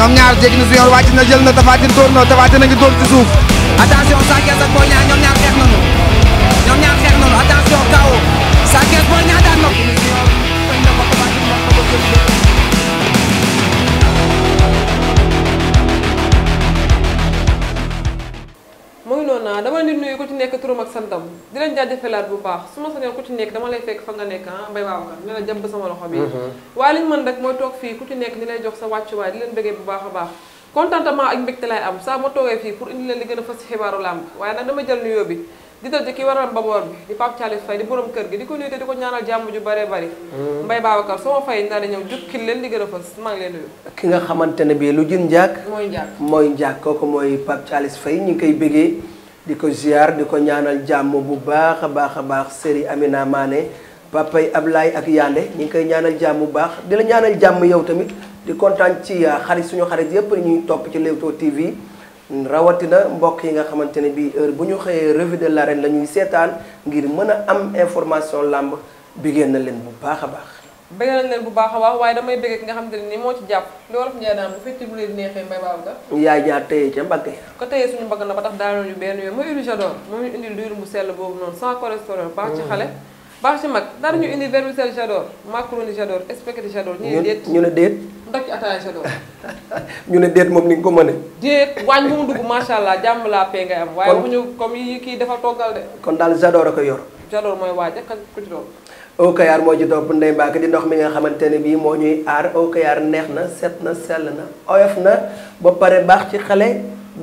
ñoom ñaar jéggi na su yoon wàcc na jël na Tapha Tine dóor na Tapha Tine a ngi dóor ci suuf attention Sa Thiès ak Boy Niang ñoom ñaar xeex nañu turam ak santam di leen jaajëfalaat bu baax su ma sañoon ku nekk dama lay fekk fa nga nekk ah mbay waaw nga ne la jàmb sama loxo bi mm-hmm. waaye li ñu mën fii ku ci nekk ni lay jox sa wàccuwaay di leen bëggee bu baax a baax contentement ak mbégte lay am saa ma toogee fii pour indi leen li gën a fas ci xibaaru làmb waaye nag dama jël nuyoo bi di dal ci ki waral mbaboor bi di Pape Thialis Faye di borom kër gi di ko nuyu te di ko ñaanal jàmm ju bare bari mm-hmm. Mbaye Babacar sama fay naa di ñëw jukkil leen di gën a fës maa ngi leen nuyu ki nga xamante ne bii lu jën njaak mooy njaak mooy njaak kooku mooy Pape Thialis fay ñu ngi koy bëggee di ko giar di ko ñaanal jàmm bu baax a baax a baax Sëriñ Amina Mané ab Ablaye ak Yande ñu ngi koy ñaanal jàmm bu baax di la ñaanal jàmm yow tamit di kontaan ci ah, xarit suñu xarit yëpp ñuy topp ci Leewtoo TV rawatina mbokk yi nga xamante ne bii heure bu ñu xëyee revue de l'arène la ñuy seetaan ngir mën a am information làmb bi génn leen bu baax a baax. na leen bu baax a baax waaye damay bëgg ki nga xam te ne nii moo ci jàpp li wolof Njaay daan bu fekk bu leen neexee mbay baabu ga yaay jaar téye ca mbagg ya ko suñu mbagg na ba tax daaloon ñu benn yoon mooy huile j'adore moom ñu indil diwlin bu sell boobu noonu sans cholestérol baax ci xale mm. baax ci mag dara ñu indi vermicelle j'adore macaroni j'adore spaghetti j'adore ñu ne déet ñu ne déet ñu ne déet moom ni nga ko mëne déet waañ bu mu dugg macha allah jàmm laa pee am waaye bu ñu comme yi kii dafa toggal de kon daal j'adore a ko yor j'adore mooy waaj ak ku ci Eau Kayar moo ci topp Ndeye Mbacke di ndox mi nga xamante ne bii moo ñuy aar Eau Kayar neex na set na sel na oyof na ba pare baax ci xale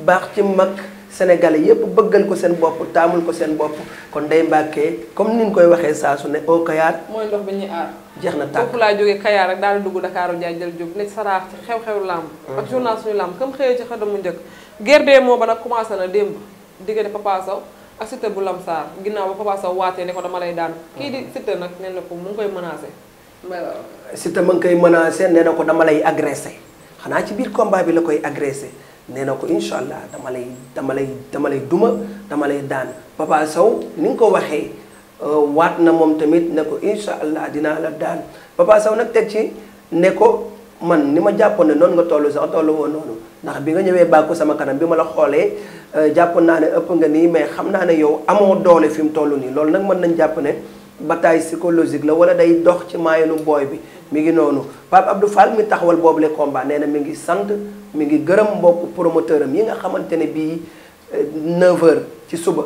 baax ci mag senegale yépp bëggal ko seen bopp taamul ko seen bopp kon Ndeye Mbacke comme ni ñu koy waxee saasu ne Eau Kayar. mooy ndox bi ñuy aar. jeex na tàkk foofu laa jóge kayaar rek daal di dugg Dakar Ndiaye jël jóg ne saraax ci xew-xewu làmb. Mm-hmm. ak journal suñu làmb comme xëyee ci xëdamu njëkk. guerre des mots ba nag commencé na démb diggante Papa Sow ak Siteu bu lamsaar ginnaaw ba Papa Sow waatee ne ko dama lay daan. kii di Siteu nag nee na ko mu ngi koy menacé. Euh, Siteu mu ngi koy menacé nee na ko dama lay agressé xanaa ci biir combat bi la koy agressé nee na ko incha allah dama lay dama lay dama lay duma dama lay daan Papa Sow ni nga ko waxee euh, waat na moom tamit ne ko incha allah dinaa la daan Papa Sow nag teg ci ne ko. man ni ma jàppoon ne noonu nga toll sax toll woon noonu ndax bi nga ñëwee bàkku sama kanam bi ma la xoolee euh, jàpp naa ne ëpp nga nii mais xam naa ne yow amoo doole fi mu toll nii loolu nag mën nañ jàpp ne bataille psychologique la wala day dox ci maayanu booy bi mi ngi noonu Pape Abdou Fall mi taxawal boobu le combat nee mi ngi sant mi ngi gërëm mbokk promoteur am yi nga xamante ne bii 9h euh, ci suba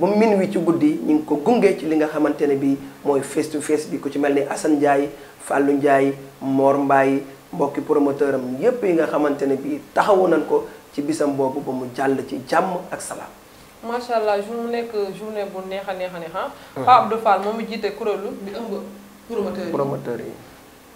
ba wi ci guddi ñu ngi ko gungee ci li nga xamante ne bii mooy face to bi ku ci mel ni Assane Ndiaye Fallou Ndiaye Mor Mbaye mbokki promoteur am yépp yi nga xamante ne bii taxawu nañ ko ci bisam boobu ba mu jàll ci jàmm ak salaam. macha allah jour mu nekk journée bu neex a neex a neex ah. ah. Pape Abdou Fall moom jiite kuréelu bi ëmb promoteur yi promoteur yi.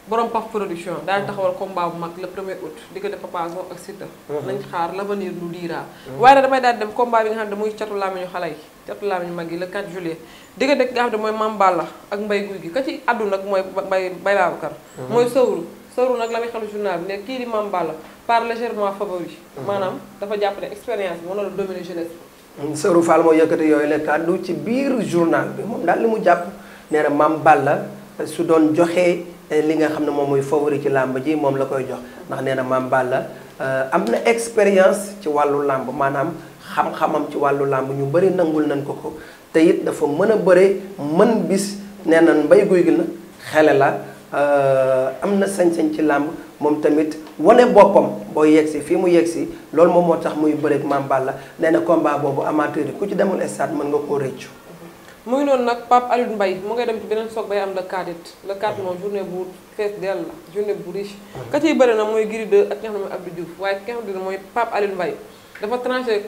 borom Paf production daal taxawal combat bu mag le premier août diggante Papa Sow ak Siteu. nañ xaar l'avenir lu diira. waaye nag damay daal dem combat bi nga xam ne muy catu làmmiñu xale yi catu làmmiñu mag yi le 4 juillet diggante ki nga xam ne mooy ak Mbaye Guy gi ka ci àdduna ak mooy Mbaye Babacar. mooy Sowru. soru nag la muy xam journal bi ne kii di Mame Balla par légèrement favori. Mhm. maanaam dafa jàpp ne expérience bi mënoon a dominer jeunesse bi. Mm, Sorou Fall yooyu la kàddu ci biir journal moom daal li mu jàpp nee na Mame su doon joxee eh, li nga xam ne moom mooy favori ci làmb ji moom la koy jox ndax nee na Mame Balla eh, am na expérience ci wàllu làmb maanaam xam-xamam ci wàllu làmb ñu bëri nangul nañ ko ko te dafa mën a bëre man bis nee na mbay guy gi xele la. Euh, am na sañ-sañ ci làmb moom tamit wane boppam boo yegsi fii mu yegsi loolu moom moo tax muy bëreeg Mame la nee na combat boobu amateur yi ku ci demul stade mën nga koo rëccu. mu ngi noonu nag Pape Alioune Mbaye mu ngay dem ci beneen soog bay am le 4 it le 4 moom journée bu fees bu riche. ka na mooy Gris 2 ak ki nga xam mooy Abdou Diouf waaye ki nga xam ne mooy Pape Alioune Mbaye dafa tranché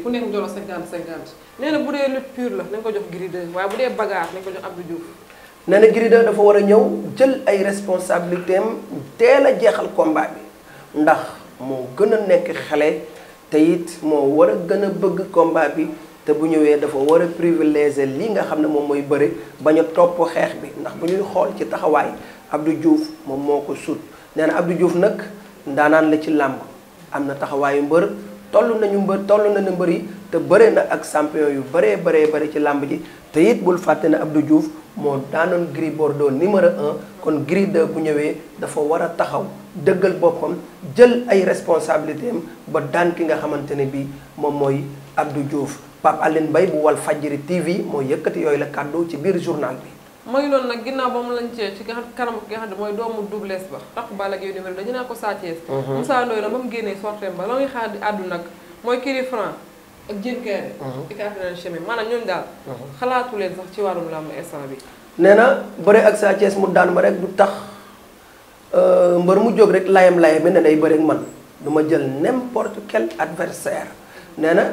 bu dee lutte pure la nañ ko jox Gris 2 waaye bu dee bagarre nañ ko jox Abdou Diouf. nee na Gris 2 dafa war a ñëw jël ay responsabilités am teel a jeexal komba bi ndax moo gën a nekk xale te it moo war a gën a bëgg combat bi te bu ñëwee dafa war a privilégier lii nga xam ne moom mooy bëri bañ topp xeex bi ndax bu ñuy xool ci taxawaay Abdou juuf moom moo ko sut nee na Abdou Diouf nag ndaanaan la ci làmb am na taxawaayu mbër. tollu nañu mbër toll nañu mbër yi te bëre na ak sampion yu bëree bëree bëri ci làmb ji te it bul fàtte ne Abdou Diouf moo daanoon Gris Bordeaux numéro un kon Gris de bu ñëwee dafa war a taxaw dëggal boppam jël ay responsabilité ba daan ki nga xamante ne bii moom mooy Abdou Diouf Pape Aline bay bu Walf Fadjri TV moo yëkkati yooyu la kàddu ci biir journal bi mooy loolu nag ginnaaw ba mu lancé ci kanam ki nga mooy doomu doublesse ba taxu Balla dañu naa ko Sa Thiès mhm. Moussa Ndoye nag ba mu génnee sorteem la ngay xaar di àddu nag mooy kiri franc ak jén kayne di kaatinan xalaatu leen sax ci wàllum làmb instant bi nee na bëre ak Sa Thiès mu daan ma rek du tax euh, mbër mu jóg rek layam-layam ne day bëre ak man du ma jël n'importe quel adversaire mhm. nee na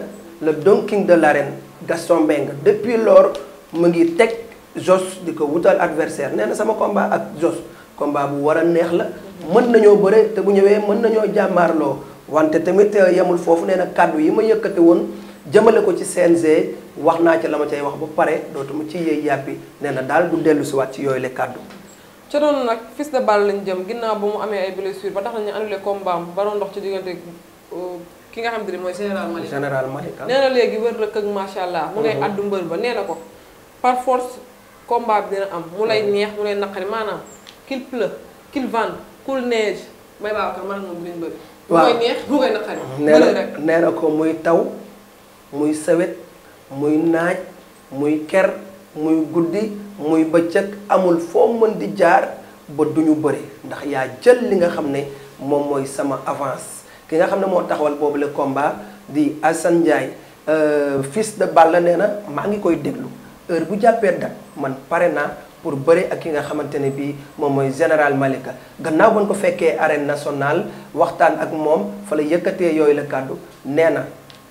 le don de l'arène Gaston Mbengue depuis lors mu ngi teg Jos di ko wutal adversaire nee na sama combat ak Jos combat bu war a neex la. mën nañoo bëre te bu ñëwee mën nañoo jàmmaarloo wante te euh, yemul foofu nee na kàddu yi ma yëkkate woon jëmale ko ci CNG wax naa ci la ma cay wax ba pare dootuma ci yëy yàppi nee na daal du dellu si waat ci yooyu la kaddu ca noonu nag Fils de Balla nañ jëm ginnaaw ba mu amee ay blessure ba tax nañu annulé combat am ba doon dox ci diggante euh, ki nga xam te ne mooy général Malick. général Malick ah. léegi wér la këg macha allah. mu ngay uh-huh. addu ba nee na ko combat dina am mu lay neex mu lay naqari maanaam qu'il pleuve qu'il vente qu'il neige may baax mooy na ko muy taw muy sawet muy naaj muy ker muy guddi muy bëccëg amul foo mën di jaar ba ñu bëri ndax yaa jël li nga xam ne moom mooy sama avance ki nga xam ne moo taxawal boobu la combat di Assane Ndiaye euh, fils de Balla nee na maa ngi koy déglu. heure bu jàppee date man pare na pour bëre ak ki nga xamante ne bii moom mooy général Malika gannaaw ba ñu ko fekkee arène national waxtaan ak moom fa la yëkkatee yooyu la kàddu nee na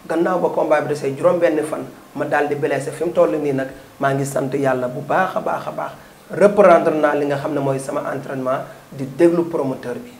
gannaaw ba combat bi desee juróom-benn fan ma daal di blessé fi mu toll nii nag maa ngi sant yàlla bu baax a baax a baax reprendre naa li nga xam ne mooy sama entrainement di déglu promoteur bi.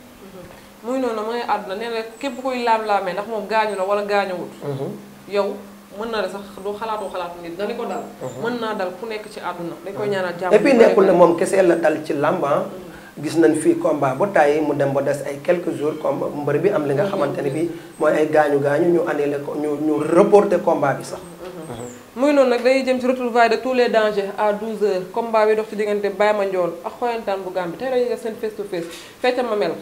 muy noonu mooy àdduna nee na képp kuy laam-laamee ndax moom gaañu na wala gaañuwut mhm. yow. mën naa de sax du xalaatoo xalaatu nit dana ko dal. Uh-huh. mën naa dal ku nekk ci àdduna. dañ koy uh-huh. ñaanal jàmm et puis nekkul ne moom kese la dal ci làmba ah. mm-hmm. gis nañ fii combat ba tàyyi mu dem ba des ay quelques jours combat mbër bi am li nga mm-hmm. xamante ne bii mooy gaañu gaañu ñu annulé ko ñu ñu reporte combat bi sax. Mm-hmm. muy noonu nag day jëm ci retrouvailles de tous les dangers à 12h combat bi dox ci diggante Baye Mandione ak xoyantaan bu Gambie tey dañuy def seen face to face fecc mel.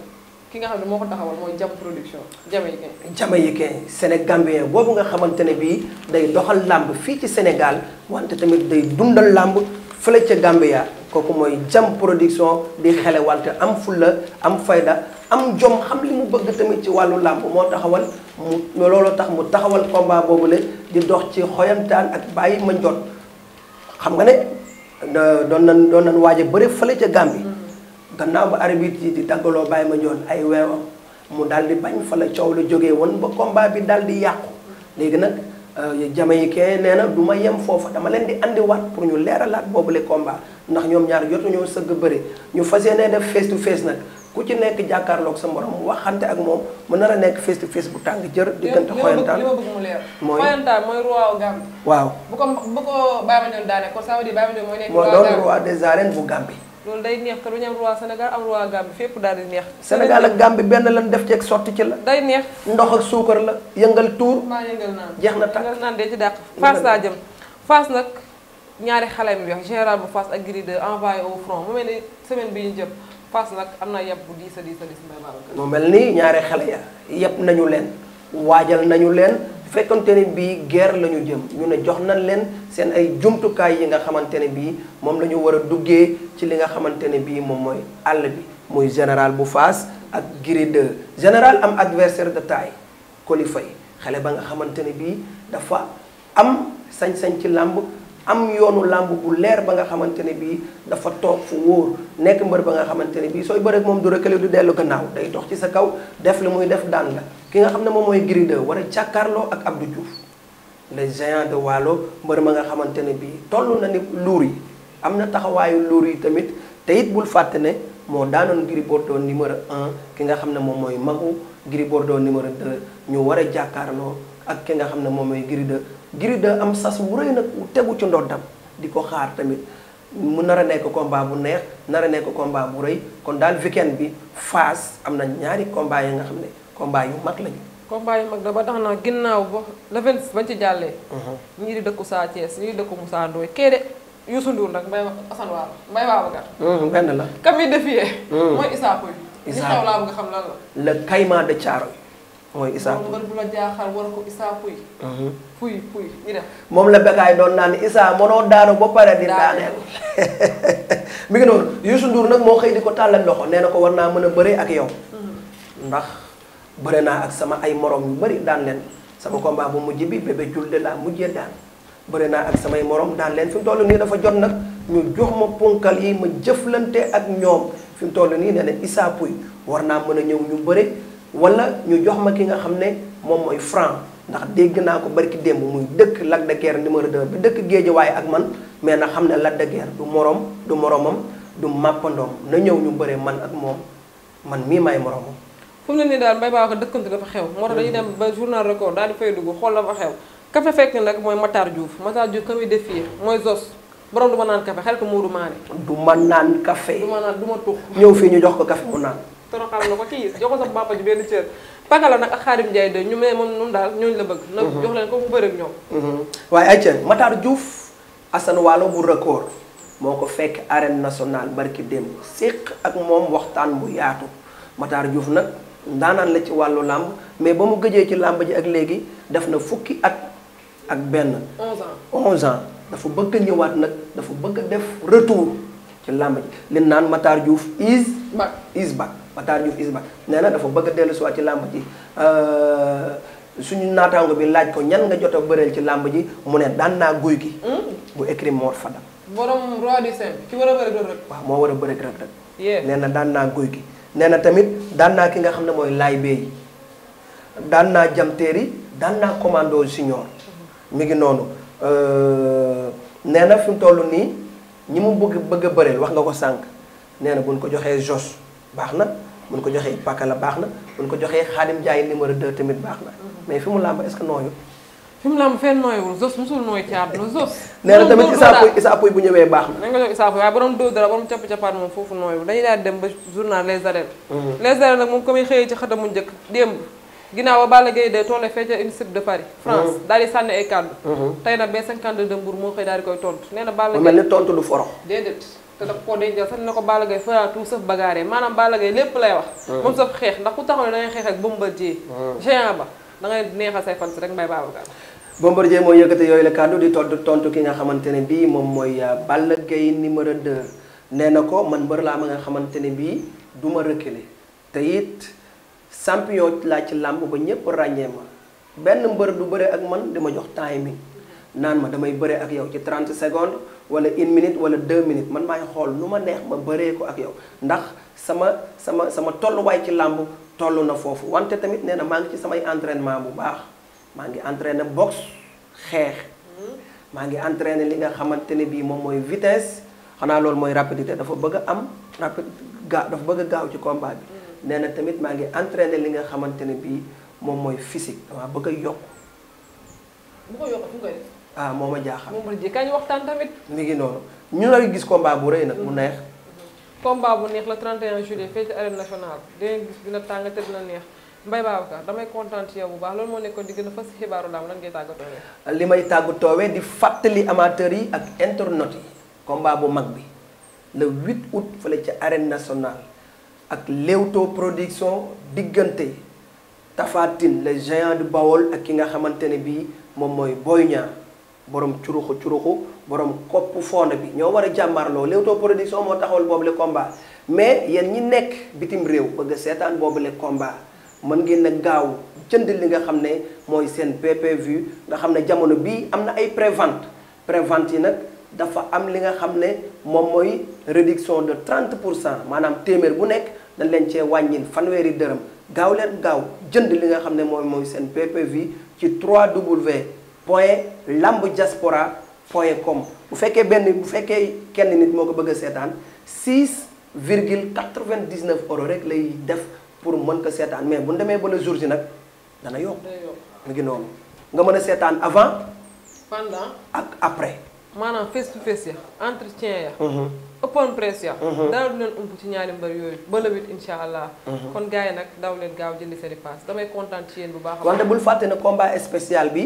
ki nga xam ne moo ko taxawal mooy jam production jamaïcain jamaïcain sénégambien boobu nga xamante ne bii day doxal làmb fii ci senegal wante tamit day dundal làmb fële ca Gambia kooku mooy jam production di xele wante am fulla am fayda am jom xam li mu bëgg tamit ci wàllu làmb moo taxawal mu looloo tax mu taxawal combat la di dox ci xoyantaan ak bàyyi ma njot xam nga ne doon nan doon nan waaje bëre fële ca Gambie gannaaw ba arbitre yi di daggaloo bàyyi ma joon ay weewam mu daal di bañ fa la coow la jógee woon ba combat bi daal di yàqu léegi nag euh, jamaïcain nee na du ma yem foofa dama leen di andiwaat pour ñu leera boobu boobule komba ndax ñoom ñaar jotuñoo sëgg bëri ñu fas yéene def face to face nag ku ci nekk jàkkaarloog sa morom waxante ak moom mu nar a nekk face to face bu tàng jër. diggante xoyantaan li ma bëgg mu leer. mooy xoyantaan mooy roi Gambie. waaw bu ko bu ko Baye Mandione daane kon ça veut dire Baye Mandione mooy nekk. roi Gambie moo doon roi loolu day neex te du ñu am roi Sénégal am Gambie fépp daal di neex. Sénégal ak Gambie benn lan def ceeg sotti ci la. day neex ndox ak suukar la yëngal tuur. maa yëngal naan jeex na tàkk yëngal de ci dàq. Fass laa jëm Fass nag ñaari xale mi wax général bu Fass ak Gris envoyé au front mu mel ni semaine bi ñu jëm Fass nag am na yab bu diis a diis a diis mbay mel nii ñaari xale ya yëpp nañu leen waajal nañu leen. bu fekkonte ne bii guerre la ñu jëm ñu ne jox nañ leen seen ay jumtukaay yi nga xamante ne bii moom la ñu war a duggee ci li nga xamante ne bii moom mooy àll bi muy général bu Faas ak Gris 2 général am adversaire de taille Coly Faye xale ba nga xamante ne bii dafa am sañ-sañ ci làmb am yoonu làmb bu leer ba nga xamante ne bii dafa toog fu wóor nekk mbër ba nga xamante ne bii sooy bëreek moom du rëkkale lu dellu gannaaw day dox ci sa kaw def lu muy def daan la ki nga xam ne moom mooy Gris 2 war a càkkaarloo ak Abdou Diouf le géant de Waalo mbër ma nga xamante ne bii toll na ni luur yi am na taxawaayu luur yi tamit te it bul fàtte ne moo daanoon Gris Bordeaux numéro 1 ki nga xam ne moom mooy Magu Gris Bordeaux numéro ñu war a jàkkaarloo ak ki nga xam ne moom mooy Gris Gris 2 am sas wu rëy nag tegu ci ndoddam di ko xaar tamit mu nar a nekk combat bu neex nar a nekk combat bu rëy kon daal weekend bi Fass am na ñaari combat yi nga xam ne combat yu mag lañu. combat yu mag da tax na ginnaaw ba le 26 bañ jàllee. Mhm. ñii di dëkku Sa Thiès ñii di dëkku Moussa Ndoye kee de Youssou Ndour nag Mbaye Assane Wala Mbaye Babacar. Mhm, benn la. kam yi defiyee. mooy Issa Pouye. Issa Pouye li xew laa bëgg xam lan la. le caïman de Thiaroye. mooy isaaku moom bu la jaaxal war ko isaa mhm. moom la Bécaye doon naan isaa mënoo daanu ba pare di daaneel. mi ngi noonu Youssou Ndour nag moo xëy di ko tàllal loxo nee na ko war naa mën a bëree ak yow. Mhm. ndax bëre naa ak sama ay moroom yu bëri daan leen sama combat bu mujj bi bébé julde laa mujjee daan. bëri naa ak samay morom daan leen fi mu toll nii dafa jot nag ñu jox ma ponkal yi ma jëflante ak ñoom fi mu toll nii nee na isaa puy war naa mën a ñëw ñu bëri. wala ñu jox ma ki nga xam ne moom mooy franc ndax dégg naa ko bari barki démb muy dëkk Lac de ni numéro 2 bi dëkk Géejawaay ak man mais na xam ne Lac de du moroom du moroomam du màppandoom na ñëw ñu bëree man ak moom man mii may moroomam. fu mu ne nii daal mbay baa ko dëkkante dafa xew. moo tax dañuy dem ba journal record daal di fay dugg xool la fa xew. ka fa fekk nag mooy Matar Diouf Matar Diouf ka muy défier mooy Zos. borom du naan kafe xel ko Moodu Maane. du ma naan kafe. du ma naan du ma tux. ñëw fii ñu jox ko kafe mu toroxal na ko kii jox ko sa papa ji benn cër Pakala nag ak Xaadim Njaay de ñu mee moom nun daal ñooñu la bëgg na mhm. jox leen ko mu bëri ak ñoom mhm. waaye ay cër Matar Diouf Assane bu record moo ko fekk arène nationale barki démb séq ak moom waxtaan bu yaatu Matar Diouf nag ndaanaan la ci wàllu làmb mais ba mu gëjee ci làmb ji ak léegi def na fukki at ak benn 11 ans 11 ans dafa bëgg ñëwaat nag dafa bëgg def retour ci làmb ji li naan Matar Diouf is ba Matar Diouf Isba nee na dafa bëgg a dellu si waat ci làmb ji euh, suñu naataango bi laaj ko ñan nga jot a bëreel ci làmb ji mu ne daan naa guy gi. Hmm? bu écrit Mor Fadam. moo war a bëri rek rek. nee na daan naa guy gi. nee na tamit daan naa ki nga xam ne mooy laay bee daan naa jamteeri daan naa commando senior mm-hmm. mi ngi noonu euh, nee na fi mu toll nii ñi mu bëgg bëgg a bëreel wax nga ko sànq nee na buñ ko joxee jos. baax na buñ ko joxee pakala baax na buñ ko joxee xaadim jaay numéro 2 tamit baax na mais fi mu làmb est-ce que nooyu fi mu làmb fenn nooyul zos musul nooy ci àdduna zos nee na tamit isaapuy isaapuy bu ñëwee baax na nañ ko jox isaapuy waaye borom dóor dara borom capp-cappaat moom foofu nooyul dañuy daal dem ba journal les arènes mhm. les arènes nag moom comme xëyee ci xëtamu njëkk démb ginnaaw ba Balla Gaye de tolle fee ca INSEP de Paris France mhm. mhm. ni tontu du te daf koo na ko Balla Gaye faraatu sëf bagaare maanaam Balla Gaye lépp lay wax ah. moom saf xeex ndax ku taxaw ne da ngay xeex ak Bombardier ah. géant ba da ngay neexal say fans rek Mbaye Babacar Bombardier mooy yëkkate yooyu la kàddu di tontu tontu ki nga xamante ne bii moom mooy ah, Balla Gaye numéro 2 nee na ko man mbër laa ma nga xamante ne bii du ma reculer te it champion laa ci làmb ba ñëpp ràññee ma benn mbër du bëre ak man di ma jox timing naan ma damay bëree ak yow ci 30 secondes wala une minute wala deux minutes man maay xool nu ma neex ma bëree ko ak yow ndax sama sama sama tolluwaay ci làmb toll na foofu wante tamit nee na maa ngi ci samay entrainement bu baax maa ngi entraîné box xeex mm-hmm. maa ngi entraîné li nga xamante ne bii moom mooy vitesse xanaa loolu mooy rapidité dafa bëgg am rapide ga bëgg gaaw ci combat bi mm-hmm. nee na tamit maa ngi entraîné li nga xamante ne bii moom mooy physique dama bëgg a yokk ah moom ma jaaxal. kaa la waxtaan tamit. mi ngi noonu ñu ngi gis combat bu rey nag mu neex. combat bu neex la 31 juillet fii ci arène nationale dinañ gis dina tàng te dina neex Mbaye Babacar damay kontaan ci bu baax loolu moo nekkoon di gën a fas xibaaru laam lan ngay tàggatoowee. li may tàggatoowee di fàttali amateurs yi ak internautes yi combat bu mag bi le 8 août fële ci arène nationale ak Leewtoo production diggante Tapha Tine le géant ak ki nga xamante ne bii moom mooy Boy borom curuxu curuxu borom kopp fond bi ñoo war a jàmmarloo Leewtoo production moo taxawal boobu le combat mais yéen ñi nekk bitim réew bëgg seetaan boobu le combat man ngeen gaaw jënd li nga xam ne mooy seen PPV nga xam ne jamono bii am na ay prévente prévente yi nag dafa am li nga xam ne moom mooy réduction de 30 pour cent maanaam téeméer bu nekk dañ leen cee wàññin fanweeri dërëm gaaw leen gaaw jënd li nga xam ne mooy mooy seen PPV ci 3W. point lamb diaspora point com bu fekkee benn bu fekkee kenn nit moo ko bëgg a seetaan 6 virgule 99 euros rek lay def pour mën ko seetaan mais bu ñu demee ba le jour nag dana yokk mu ngi noonu nga mën a seetaan avant pendant ak après maanaam face to face ya entretien ya mhm. open press ya mhm. dara du leen ump ci ñaari mbër yooyu ba insha allah mhm. kon gars yi nag daw leen gaaw jëndi seen i pass damay kontaan ci yéen bu baax wante bul fàtte ne combat spécial bi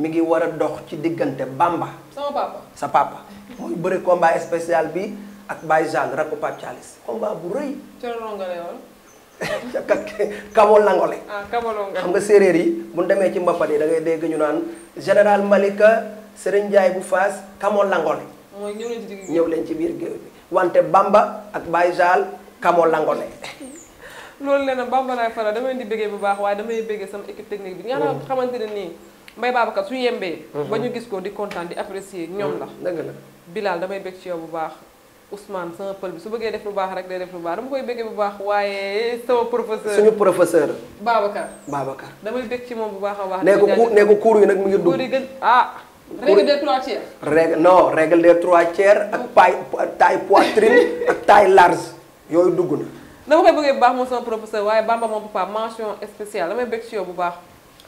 mi ngi war a dox ci diggante bàmba sama papa sa papa. mooy bëri combat spécial bi ak Baye Jean rakku Pape Thialis. combat bu rëy. ca Kabo Langole. ah Kabo Langole xam nga séeréer yi mu ñu demee ci mbappat yi da ngay dégg ñu naan général Malika Serigne jaay bu fas Kamo Langole. mooy ñëw leen ci ñëw leen ci biir géew wante Bamba ak Baye Jean Kamo Langole. loolu la nag Bamba laay faral damay di bëggee bu baax waaye damay bëggee sama équipe technique bi. nga xamante ne Mbaye Babacar su yembee. Mhm. ba ñu gis ko di kontaan di apprécier ñoom la. Mhm. dëgg na Bilal damay bég bu baax. Ousmane sama pël bi su bëggee def lu baax rek day def lu baax dama koy bëggee bu baax waaye sama professeur. suñu professeur. Babacar Babacar. damay bëgg ci moom bu baax a baax. nee ko ku nee ko cours nag mu ngi dugg. cours ah. règle des trois tiers. règle non règle des trois tiers ak paille taille poitrine ak taille large yooyu dugg na. dama koy bëggee bu baax moom sama professeur waaye Bamba moom papa mention spéciale damay bëgg ci bu baax.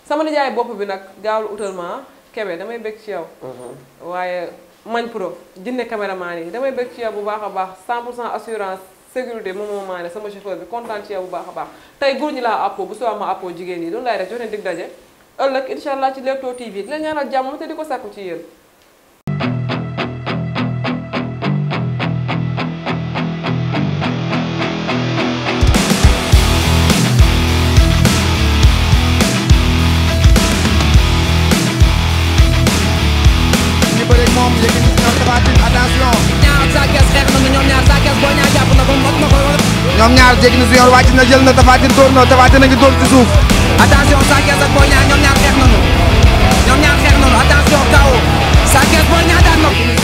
sama nijaay bopp bi nag gaawul utal ma kebe damay bëgg ci yow. Mhm. waaye mañ pro jinne caméraman yi damay bëgg ci yow bu baax a baax 100% assurance sécurité moom moo maane sama chauffeur bi kontaan ci yow bu baax a baax tey góor ñi laa àppoo bu soo ma àppoo jigéen yi loolu laay def jox leen dig daje ëllëg incha allah ci Leewtoo TV di leen ñaanal jàmm te di ko sàkku ci yéen. ñaar Sa Thiès xeex nañu ñoom ñaar Sa Thiès Boy Niang jël na Tapha Tine na Tapha a ngi dóor ci suuf attention Sa Thiès ñoom ñaar xeex nañu ñoom ñaar xeex nañu attention kaw Sa Thiès Boy daan na